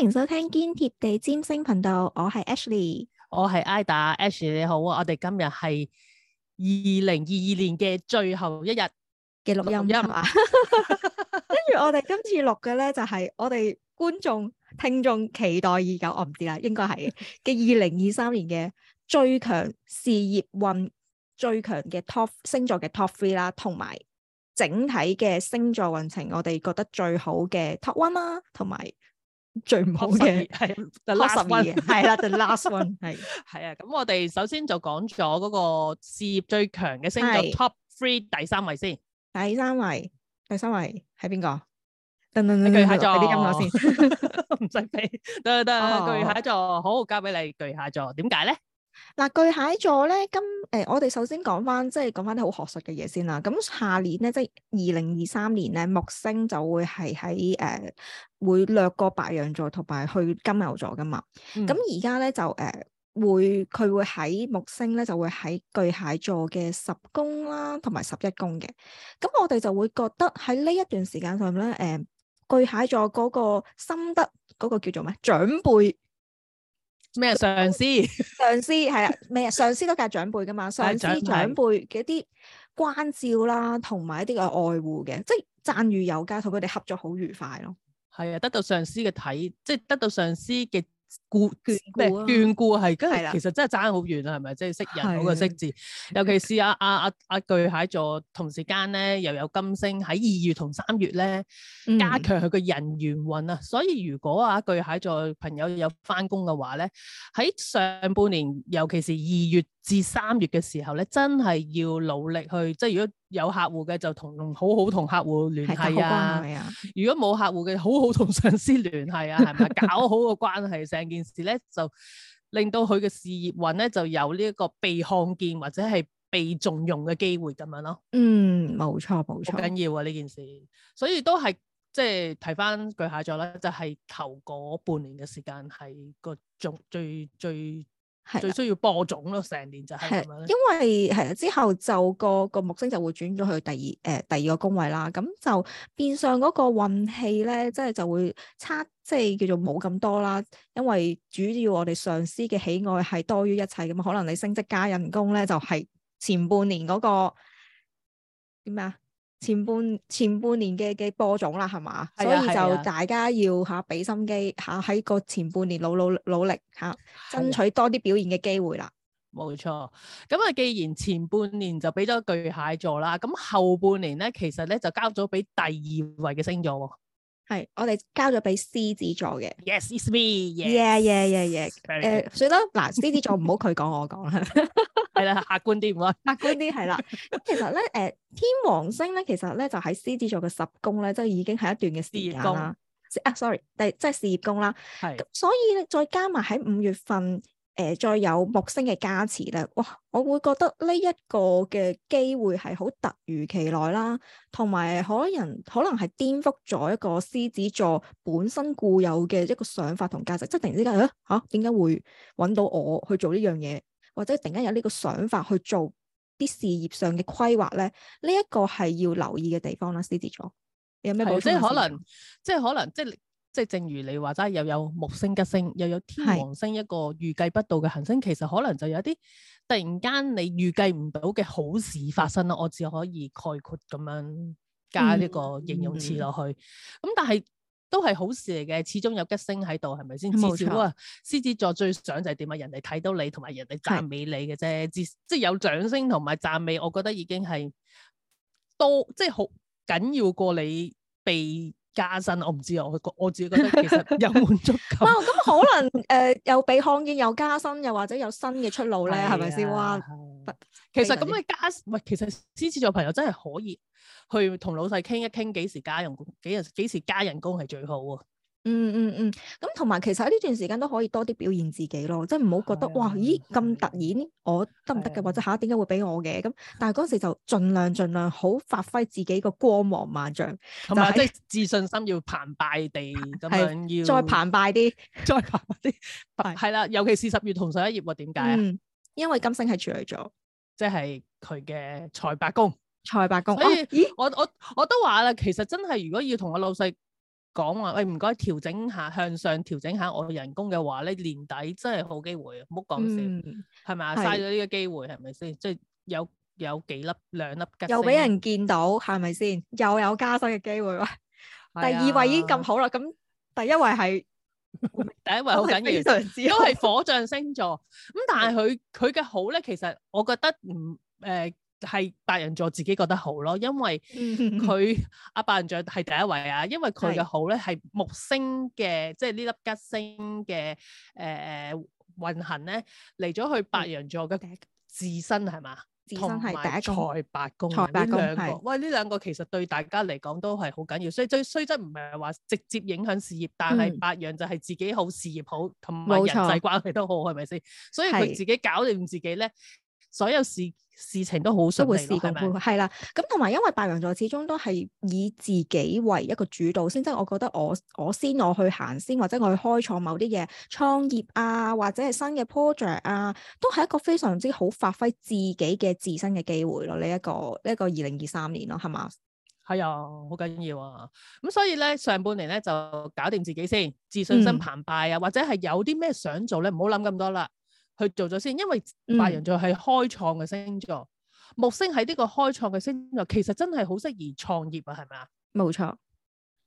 歡迎收聽堅貼地占星頻道，我係 Ashley，我係 Ida Ashley，你好啊！我哋今日係二零二二年嘅最後一日嘅錄音啊！跟 住 我哋今次錄嘅咧，就係、是、我哋觀眾聽眾期待已久，我唔知啦，應該係嘅二零二三年嘅最強事業運，最強嘅 Top 星座嘅 Top three 啦，同埋整體嘅星座運程，我哋覺得最好嘅 Top one 啦，同埋。最唔好嘅係 last one，係啦，the last one 係係啊。咁我哋首先就講咗嗰個事業最強嘅星座 Top Three 第三位先，第三位，第三位係邊個？巨蟹座，啲音樂先唔使俾，得得，巨蟹座好，交俾你巨蟹座，點解咧？嗱，巨蟹座咧，今誒、呃，我哋首先講翻，即係講翻啲好學術嘅嘢先啦。咁下年咧，即係二零二三年咧，木星就會係喺誒會掠過白羊座同埋去金牛座噶嘛。咁而家咧就誒、呃、會，佢會喺木星咧就會喺巨蟹座嘅十宮啦，同埋十一宮嘅。咁我哋就會覺得喺呢一段時間上咧，誒、呃，巨蟹座嗰個心得嗰、嗰個叫做咩？長輩。咩上司？ 上司係啊，咩上司都係長輩噶嘛， 上司長輩嘅啲關照啦，同埋一啲嘅愛護嘅，即係讚譽有加，同佢哋合作好愉快咯。係啊，得到上司嘅睇，即係得到上司嘅。顧眷顧係，跟住固、啊、其實真係爭好遠啊，係咪的？即係識人好過識字，的尤其是阿阿阿阿巨蟹座，同時間咧又有金星喺二月同三月咧，加強佢個人緣運啊！嗯、所以如果阿、啊、巨蟹座朋友有返工嘅話咧，喺上半年，尤其是二月。至三月嘅時候咧，真係要努力去，即係如果有客戶嘅就同好好同客戶聯繫啊。係啊！如果冇客戶嘅，好好同、啊、上司聯繫啊，係咪 搞好個關係？成件事咧就令到佢嘅事業運咧，就有呢一個被看見或者係被重用嘅機會咁樣咯。嗯，冇錯冇錯，緊要啊！呢件事，所以都係即係提翻句下咗啦，就係頭嗰半年嘅時間係個最最最。最最係最需要播種咯，成年就係。係因為係啊，之後就個個木星就會轉咗去第二誒、呃、第二個宮位啦。咁就變相嗰個運氣咧，即係就會差，即係叫做冇咁多啦。因為主要我哋上司嘅喜愛係多於一切咁啊，可能你升職加人工咧，就係前半年嗰個點咩啊？前半前半年嘅嘅播種啦，係嘛，所以就大家要吓俾、啊啊、心機吓喺個前半年努努努力吓、啊，爭取多啲表現嘅機會啦。冇錯，咁啊，既然前半年就俾咗巨蟹座啦，咁後半年咧，其實咧就交咗俾第二位嘅星座。係，我哋交咗俾獅子座嘅。Yes, it's me. Yes. Yeah, yeah, yeah, yeah, yeah。誒 Very good.、呃，算啦，嗱，獅子座唔好佢講，我講啦。係啦，客觀啲唔咯。 客觀啲係啦。咁其實咧，誒、呃，天王星咧，其實咧就喺獅子座嘅十宮咧，即係已經係一段嘅事業宮、啊就是、啦。啊，sorry，第即係事業宮啦。係。所以咧，再加埋喺五月份，誒、呃，再有木星嘅加持咧，哇！我會覺得呢一個嘅機會係好突如其來啦，同埋好多人可能係顛覆咗一個獅子座本身固有嘅一個想法同價值，即、就、係、是、突然之間，吓、啊，點、啊、解會搵到我去做呢樣嘢？或者突然間有呢個想法去做啲事業上嘅規劃咧，呢、這、一個係要留意嘅地方啦，獅子座，有咩補充？即係可能，即係可能，即係即係，正如你話齋，又有木星吉星，又有天王星的一個預計不到嘅行星，其實可能就有一啲突然間你預計唔到嘅好事發生啦。我只可以概括咁樣加呢個形容詞落、嗯嗯、去。咁、嗯嗯嗯、但係。都係好事嚟嘅，始終有吉星喺度，係咪先？至少啊，獅子座最想就係點啊？人哋睇到你同埋人哋讚美你嘅啫，至的即係有掌聲同埋讚美，我覺得已經係多即係好緊要過你被。加薪我唔知啊，我我，我自己覺得其實有滿足感。哇，咁可能誒、呃、又被看見有加薪，又或者有新嘅出路咧，係咪先哇？其實咁嘅加，唔係，其實獅子座朋友真係可以去同老細傾一傾，幾時加人工，幾時幾時加人工係最好啊。嗯嗯嗯，咁同埋其實喺呢段時間都可以多啲表現自己咯，即係唔好覺得、啊、哇，咦咁突然，、啊、我得唔得嘅，或者下一點解會俾我嘅，咁，但係嗰時就盡量盡量好發揮自己個光芒萬丈，同埋即係自信心要澎湃地咁樣要再澎湃啲，再澎湃啲，係 啦、 啊，尤其是十月同十一月啊，點解啊？因為金星係處理咗，即係佢嘅財帛宮。財帛宮，所以、哦、咦我我我都話啦，其實真係如果要同我老細。 講話喂，唔該調整下，向上調整下我人工嘅話咧，年底真係好機會啊！唔好講先，係咪？嘥咗呢個機會係咪先？即係有有幾粒兩粒吉星，又俾人見到係咪先？又有加薪嘅機會喂，第二位已經咁好啦，咁第一位係第一位好緊要，都係火象星座咁，但係佢佢嘅好咧，其實我覺得唔誒。係白羊座自己覺得好咯，因為佢阿白羊座係第一位啊，因為佢嘅好咧係木星嘅，即係呢粒吉星嘅誒誒運行咧嚟咗去白羊座嘅自身係嘛，同埋係第一財帛宮呢兩個，是喂呢兩個其實對大家嚟講都係好緊要，所以最雖則唔係話直接影響事業，但係白羊就係自己好、嗯、事業好同埋人際關係都好係咪先？錯所以佢自己搞掂自己咧。 所有事事情都好，想會試過，係啦吧。咁同埋，因為白羊座始終都係以自己為一個主導先，先即係我覺得我我先我去行先，或者我去開創某啲嘢，創業啊，或者係新嘅 project 啊，都係一個非常之好發揮自己嘅自身嘅機會咯。呢一個呢一個二零二三年咯，係嘛？係啊，好緊要啊！咁所以咧，上半年咧就搞掂自己先，自信心澎湃啊，嗯、或者係有啲咩想做咧，唔好諗咁多啦。去做咗先，因為白羊座係開創嘅星座，嗯、木星喺呢個開創嘅星座，其實真係好適宜創業啊，係咪錯啊？冇錯，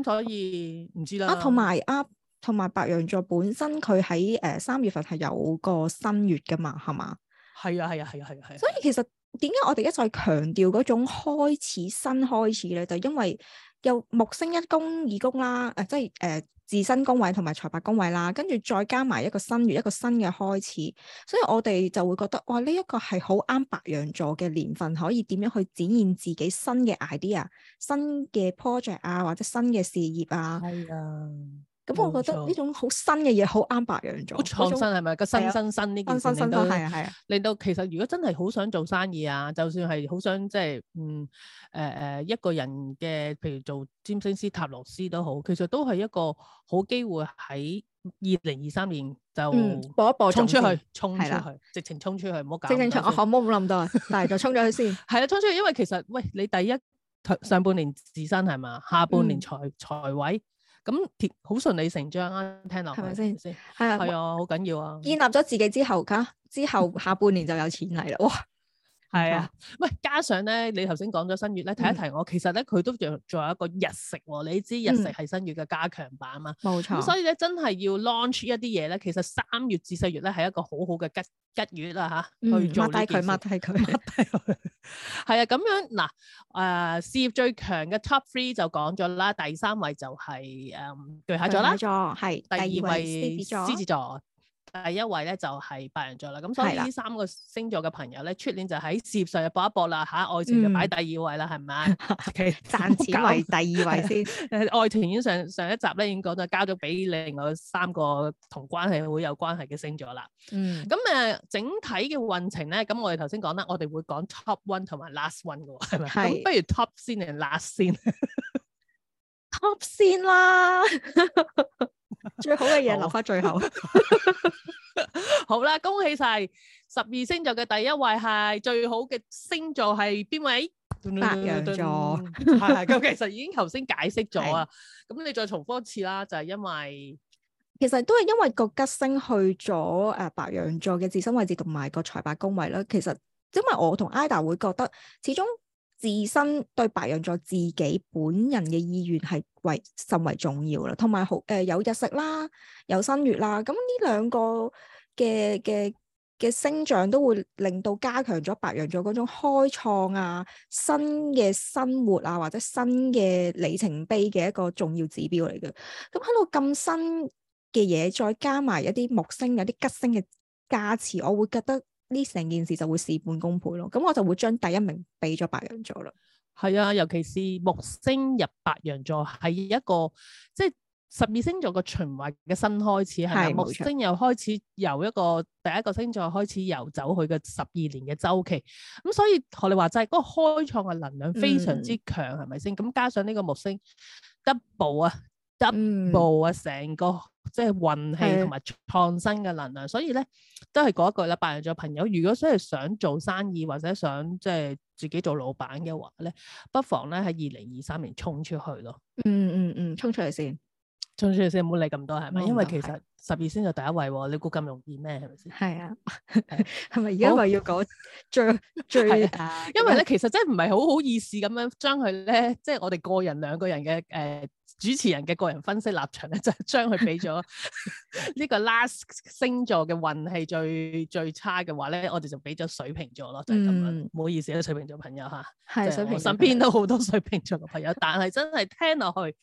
咁所以唔知啦。啊，同埋啊，同埋白羊座本身佢喺誒三月份係有個新月㗎嘛，係嘛？係啊，係啊，係啊，係啊。係啊，所以其實點解我哋一再強調嗰種開始新開始咧，就因為，又木星一宮、二宮啦，誒、呃、即係誒、呃、自身宮位同埋財帛宮位啦，跟住再加埋一個新月，一個新嘅開始，所以我哋就會覺得哇，呢、這、一個係好啱白羊座嘅年份，可以點樣去展現自己新嘅 idea、新嘅 project 啊，或者新嘅事業啊。係啊、哎。咁我覺得呢種好新嘅嘢好啱白羊座，好創新係咪？個新新新呢新新到係啊，係啊，令到其實如果真係好想做生意啊，就算係好想即係嗯誒誒一個人嘅，譬如做占星師塔洛斯都好，其實都係一個好機會，喺二零二三年就搏一搏，衝出去，衝出去，直情衝出去，唔好搞。正唔正？我可唔可咁諗多？但係就衝咗去先。係啊，衝出去，因為其實喂，你第一上半年自身係嘛，下半年財財位。咁好順理成章，啊，聽落係咪先？係啊，係啊，好緊要啊！建立咗自己之後，嚇之後下半年就有錢嚟啦，哇！係啊，喂，加上咧，你頭先講咗新月咧，提一提我，嗯、其實咧佢都仲仲有一個日食喎、啊。你知日食係新月嘅加強版嘛？冇錯、嗯。咁所以咧，真係要 launch 一啲嘢咧，其實三月至四月咧係一個好好嘅吉吉月啦、啊、嚇，去做。mark、嗯、低佢，mark 低佢，mark 低佢。係啊，咁樣嗱，誒、呃、事業最強嘅 top three 就講咗啦，第三位就係、是、誒、嗯、巨蟹座啦，係第二位獅子座。第一位咧就係、是、白羊座啦，咁所以呢三個星座嘅朋友咧，出的年就喺事業上就搏一搏啦吓，愛、啊、情就擺第二位啦，係咪啊？賺 錢為第二位先，愛情 已經上上一集咧已經講咗，交咗俾你另外三個同關係會有關係嘅星座啦。咁誒、嗯，整體嘅運程咧，咁我哋頭先講啦，我哋會講 top one 同埋 last one 嘅，係咪？咁的不如 top 先定 last 先 ？top 先 scene 啦， 最好嘅嘢留翻最後。 好啦，恭喜晒，十二星座嘅第一位，係最好嘅星座係邊位？白羊座係，咁 其實已經頭先解釋咗啊。咁的你再重複一次啦，就係、是，因為其實都係因為個吉星去咗，誒，白羊座嘅自身位置同埋個財帛宮位啦。其實，因為我同 IDA 會覺得，始終自身對白羊座自己本人嘅意願係為甚為重要啦，同埋好，誒、呃、有日食啦，有新月啦，咁呢兩個。嘅嘅嘅星象都會令到加強咗白羊座嗰種開創啊新嘅生活啊，或者新嘅里程碑嘅一個重要指標嚟嘅。咁喺度咁新嘅嘢，再加埋一啲木星有啲吉星嘅加持，我會覺得呢成件事就會事半功倍咯。咁我就會將第一名俾咗白羊座啦。係啊，尤其是木星入白羊座係一個即係。就是十二星座嘅循環嘅新開始係，是錯木星又開始由一個第一個星座開始遊走去嘅十二年嘅週期。咁所以學你話齋，嗰、那個開創嘅能量非常之強，係咪先？咁加上呢個木星 double 啊 double 啊，成、啊啊啊、個即係、就是、運氣同埋創新嘅能量。是所以咧，都係嗰一句啦，白羊座朋友，如果真係想做生意或者想即係自己做老闆嘅話咧，不妨咧喺二零二三年衝出去咯。嗯嗯嗯，衝、嗯嗯、出嚟先。張小姐，唔好理咁多係咪？因為其實十二先係第一位，的你估咁容易咩？係咪先？係啊，係咪而家話要講最 最大？ 因為咧， 其實真係唔係好好意思咁樣將佢咧，即係我哋個人兩個人嘅誒。呃主持人嘅個人分析立場咧，就將佢俾咗呢個 Last 星座嘅運氣最最差嘅話咧，我哋就俾咗水瓶座咯，就係咁樣。唔好意思，啲水瓶座朋友吓，水瓶，身邊都好多水瓶座嘅朋友，但係真係聽落去，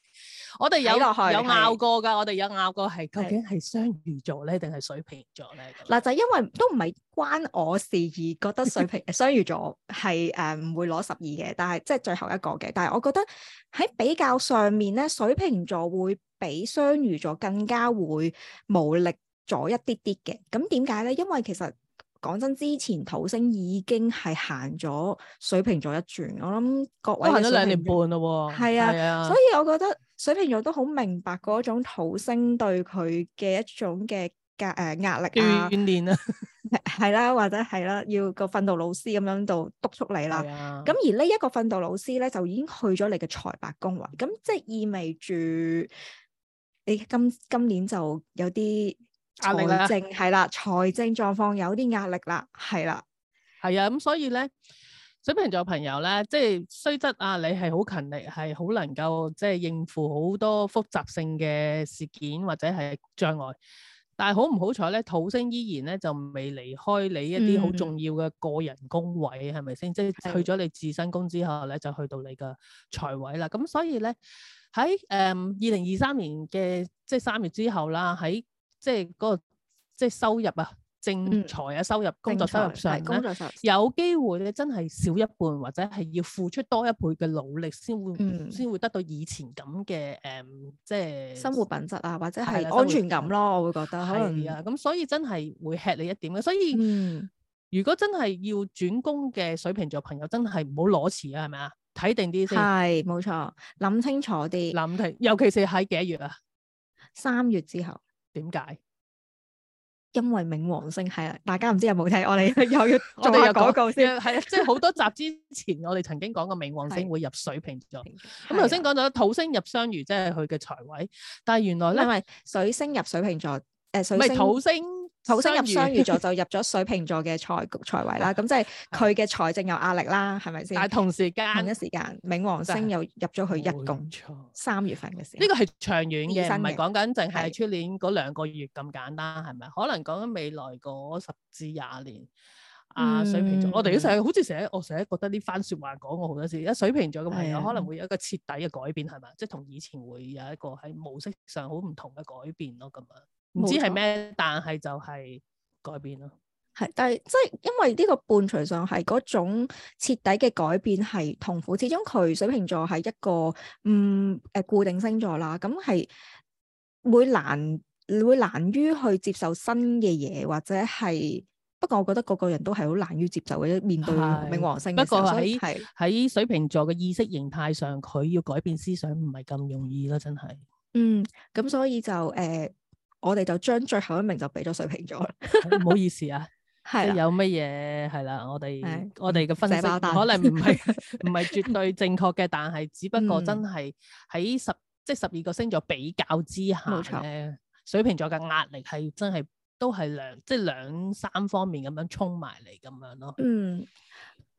我哋有有拗過㗎，我哋有拗過係究竟係雙魚座咧定係水瓶座咧？嗱，就因為都唔係關我事而覺得水瓶雙魚座係誒唔會攞十二嘅，但係即係最後一個嘅，但係我覺得。喺比較上面咧，水瓶座會比雙魚座更加會無力咗一啲啲嘅。咁點解咧？因為其實講真，之前土星已經係行咗水瓶座一轉。我諗各位都行咗兩年半啦喎、哦。係啊，係啊，所以我覺得水瓶座都好明白嗰種土星對佢嘅一種嘅壓誒壓力啊。怨怨啊！ 係啦，或者係啦，要個訓導老師咁樣度督促你啦。咁的而呢一個訓導老師咧，就已經去咗你嘅財帛宮位，咁即係意味住你今今年就有啲財政壓力啦，財政狀況有啲壓力啦，係啦，係啊。咁所以咧，水瓶座朋友咧，即係雖則啊，你係好勤力，係好能夠即係應付好多複雜性嘅事件或者係障礙。但係好唔好彩咧，土星依然咧就未離開你一啲好重要嘅個人工位，係咪先？即係、就是、去咗你自身工之後咧，就去到你嘅財位啦。咁所以咧，喺誒二零二三年嘅即係三月之後啦，喺即係嗰個即係、就是、收入啊。正財啊，收入，工作收入、嗯、工作收入上咧，有機會咧真係少一半，或者係要付出多一倍嘅努力先會，先、嗯、會得到以前咁嘅誒，即係生活品質啊，或者係的、啊、安全感咯，的我會覺得的可係能啊。咁所以真係會吃你一點嘅。所以、嗯、如果真係要轉工嘅水瓶座朋友，真係唔好攞遲啊，係咪啊？睇定啲先係冇錯，諗清楚啲，諗定。尤其是喺幾多月啊？三月之後點解？因為冥王星係啊，大家唔知有冇聽，我哋又要做下廣告先，係啊， 即係好多集之前，我哋曾經講過冥王星會入水瓶座，咁頭先講咗土星入雙魚，即係佢嘅財位，但係原來咧，唔係水星入水瓶座，誒、呃，唔係土星。土星入雙魚座就入咗水瓶座嘅財財位啦，咁即係佢嘅財政有壓力啦，係咪先？但係同時間，一時間，冥王星又入咗去一宮，三月份嘅時候。呢個係長遠嘅，唔係講緊淨係出年嗰兩個月咁簡單，係咪？可能講緊未來嗰十至廿年啊，水瓶座，我哋都成日好似成日，我成日覺得呢番説話講過好多次。而家水瓶座嘅朋友可能會有一個徹底嘅改變，係咪？即係同以前會有一個喺模式上好唔同嘅改變咯，咁樣。唔知係咩，但係就係改變咯。係，但係即係因為呢個伴隨上係嗰種徹底嘅改變係痛苦。始終佢水瓶座係一個嗯誒、呃、固定星座啦，咁係會難會難於去接受新嘅嘢，或者係不過我覺得個個人都係好難於接受嘅。面對冥王星，不過喺喺水瓶座嘅意識形態上，佢要改變思想唔係咁容易咯，真係。嗯，咁所以就誒。呃我哋就將最後一名就俾咗水瓶座。唔 好意思啊，係 有乜嘢係啦？我哋的我哋嘅分析可能唔係唔係絕對正確嘅，但係只不過、嗯、真係喺十即係十二個星座比較之下，冇錯錯。水瓶座嘅壓力係真係都係兩即係兩三方面咁樣衝埋嚟咁樣咯。嗯。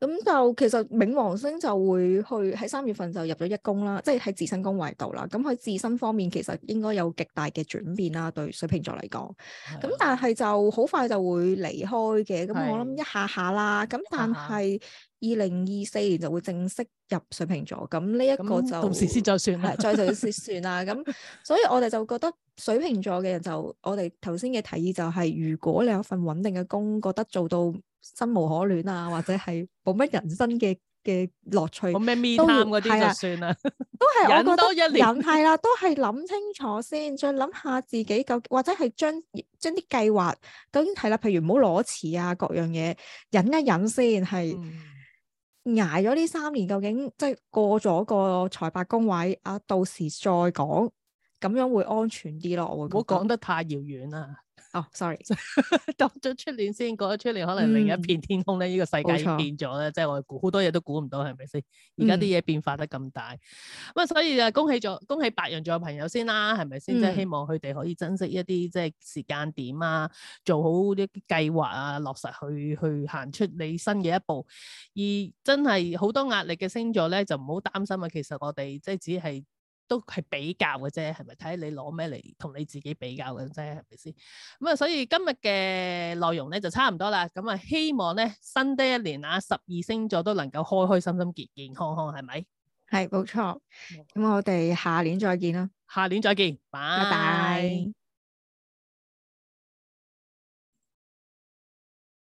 咁就其實冥王星就會去喺三月份就入咗一宮啦，即係喺自身宮位度啦。咁佢自身方面其實應該有極大嘅轉變啦，對水瓶座嚟講。咁是的 但係就好快就會離開嘅。咁是的 我諗一下下啦。咁是的 但係二零二四年就會正式入水瓶座。咁呢一個就到時先再算啦，再就先算啦。咁 所以我哋就覺得水瓶座嘅人就我哋頭先嘅提議就係、是，如果你有份穩定嘅工，覺得做到。生無可戀啊，或者係冇乜人生嘅嘅樂趣，冇咩面談嗰啲就算啦。 都係我覺得人忍係啦、啊，都係諗清楚先，再諗下自己究竟或者係將將啲計劃究竟係啦、啊。譬如唔好裸辭啊，各樣嘢忍一忍先，係捱咗呢三年，究竟即係過咗個財帛宮位啊，到時再講。咁樣會安全啲咯，我唔好講得太遙遠啦。哦、oh，sorry， 當咗出年先，講咗出年可能另一片天空咧，呢、嗯、個世界變咗咧，錯即係我估好多嘢都估唔到，係咪先？而家啲嘢變化得咁大，咁啊、嗯，所以就恭喜咗，恭喜白羊座嘅朋友先啦，係咪先？嗯、即係希望佢哋可以珍惜一啲即係時間點啊，做好啲計劃啊，落實去去行出你新嘅一步。而真係好多壓力嘅星座咧，就唔好擔心啊。其實我哋即係只係。都係比較嘅啫，係咪？睇下你攞咩嚟同你自己比較嘅啫，係咪先？咁啊，所以今日嘅內容咧就差唔多啦。咁啊，希望咧新嘅一年啊，十二星座都能夠開開心心、健健康康，係咪？係，冇錯。咁、嗯、我哋下年再見啦，下年再見，拜拜。